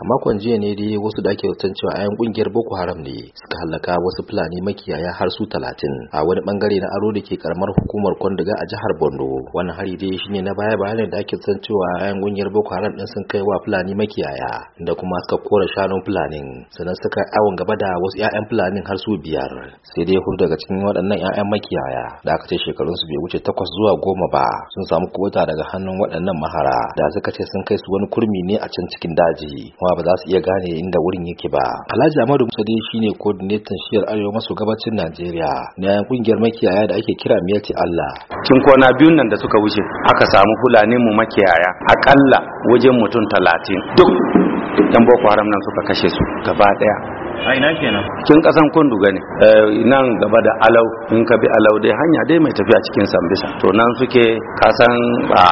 a makon jiya ne dai wasu da ake zaton cewa ayan kungiyar boko haram ne suka halaka wasu fulani makiyaya har su talatin a wani bangare na aro da ke karamar hukumar kwandiga a jihar borno wani hari dai shine na baya bayanin da ake zaton cewa ayan kungiyar boko haram din sun kai wa fulani makiyaya da kuma suka kora shanun fulani, sannan suka awon gaba da wasu ƴaƴan fulani har su biyar sai dai hudu daga cikin waɗannan ƴaƴan makiyaya da aka ce shekarunsu bai wuce takwas zuwa goma ba sun samu kubuta daga hannun waɗannan mahara da suka ce sun kai su wani kurmi ne a can cikin daji Ba ba za su iya gane inda wurin yake ba alhaji amadu musa dai shine coordinator shiyar arewa masu gabacin najeriya na kungiyar makiyaya da ake kira miyati allah tun kwana biyun nan da suka wuce aka samu fulani mu makiyaya akalla wajen mutum talatin duk dan boko haram nan suka kashe su gaba daya a ina kenan Kin kasan kunduga ne eh, nan gaba da alau in ka bi alau dai hanya dai mai tafiya cikin sambisa to nan suke kasan a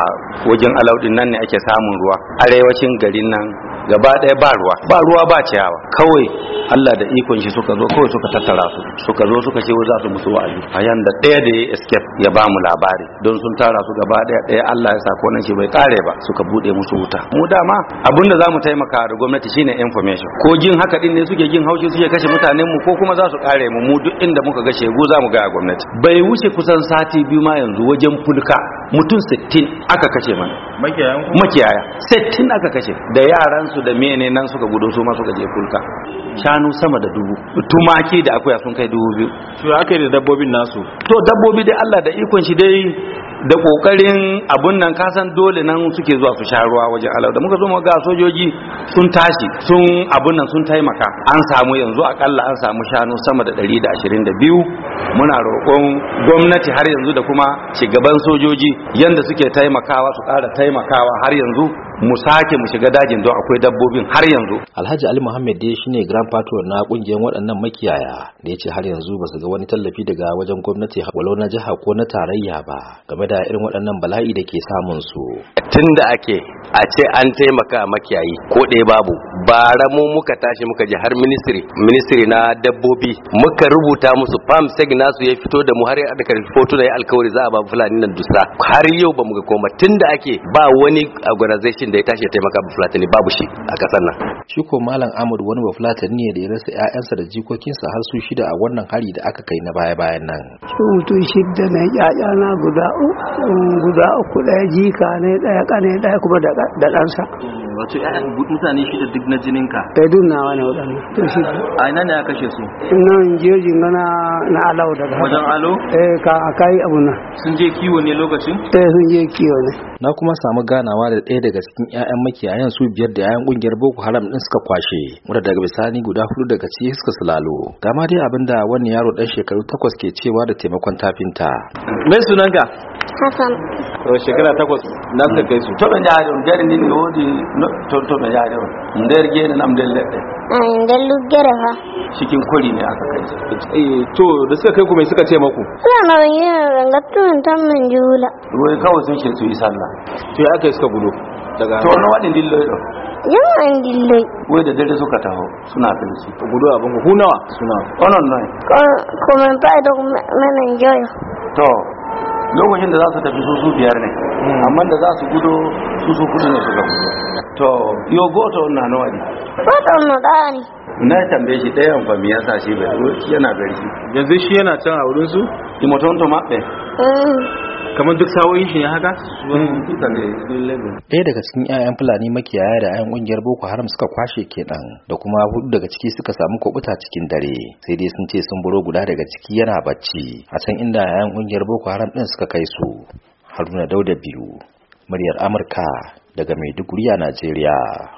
wajen alau din nan ne ake samun ruwa arewacin garin nan gaba ɗaya ba ruwa ba ruwa ba ciyawa kawai Allah da ikon shi suka zo kawai suka tattara su suka zo suka ce za su musu wa'azi a yanda daya da ya escape ya ba mu labari don sun tara su gaba daya daya Allah ya sa ko nan shi bai kare ba suka bude musu wuta mu dama abinda za mu taimaka da gwamnati shine information ko jin haka din ne suke jin haushi suke kashe mutanen mu ko kuma za su kare mu mu duk inda muka ga shegu za mu ga gwamnati bai wuce kusan sati biyu ma yanzu wajen fulka mutum 60 aka kashe mana makiyaya settin aka kashe da yaran su da mene nan suka gudu su ma suka je kulka shanu sama da dubu tumaki da akuya sun kai dubu biyu su aka yi da dabbobin nasu to dabbobi dai Allah da ikon shi dai da kokarin abun nan kasan dole nan suke zuwa su sha ruwa wajen alau da muka zo ga sojoji sun tashi sun abun nan sun taimaka an samu yanzu akalla an samu shanu sama da 122 muna roƙon gwamnati har yanzu da kuma shugaban sojoji yanda suke taimakawa su ƙara taimakawa har yanzu mu sake mu shiga dajin don akwai dabbobin har yanzu alhaji ali muhammad dai shine grand patron na kungiyar waɗannan makiyaya da ya ce har yanzu ba su ga wani tallafi daga wajen gwamnati walau na jiha ko na tarayya ba game da irin waɗannan bala'i da ke samun su tunda ake a ce an taimaka makiyayi ko ɗaya babu bara mu muka tashi muka je har ministry ministry na dabbobi muka rubuta musu farm signal nasu ya fito da mu har da karfi foto da ya alkawari za a ba fulani nan dusa har yau ba mu ga koma tunda ake ba wani organization da ya tashi ya taimaka ba babu shi a kasar nan shi ko malam Ahmad wani ba fulani ne da ya rasa ƴaƴansa da jikokinsa har su shida a wannan hari da aka kai na baya bayan nan shi mutum shida na ƴaƴana guda guda uku ɗaya jika ne ɗaya ƙane ɗaya kuma da ɗansa wato ƴaƴan mutane shida duk na jinin ka eh duk nawa ne wadannan to shi a ina ne aka kashe su nan jeji na na alau daga wajen alo eh ka akai abu na sun je kiwo ne lokacin eh sun je kiwo ne na kuma samu ganawa da ɗaya daga cikin ƴaƴan makiyayan su biyar da ƴaƴan ƙungiyar Boko Haram ɗin suka kwashe wanda daga bisani guda hudu daga ciki suka sulalo ga ma dai abinda wannan yaro ɗan shekaru takwas ke cewa da taimakon tafinta mai sunanka Hassan shekara takwas na suka kai su to ban ja hadu jari ni ne wodi to to ban ja hadu ndar gere nam del ledde mm, ndar lugere ha cikin kuri ne aka kai eh to da suka kai ku mai suka ce maku Allah na ban yi eh, ranga tun tan min jula wai kawai sun ce su yi sallah to ya aka suka gudu daga to na wadin dillo yawan dillai wai da dare suka taho suna filci gudu abin ku nawa suna onon nai kuma ba da mana joyo to lokacin da za su tafi su biyar ne hmm. amma da za su gudo su su kudu ne su ga to yo goto na nawa ne goto na daya ne na tambaye shi ɗayan fa fami yasa shi bai yana gari yanzu shi yana can a wurin su imotonto maɓɓe kamar duk sawoyin shi ne haka ɗaya daga cikin 'ya'yan fulani makiyaya da 'ya'yan ƙungiyar boko haram suka kwashe kenan da kuma hudu daga ciki suka samu kubuta cikin dare sai dai sun ce sun buro guda daga ciki yana bacci a can inda 'ya'yan ƙungiyar boko haram ɗin suka kai su haruna dauda biyu muryar amurka daga maiduguri a najeriya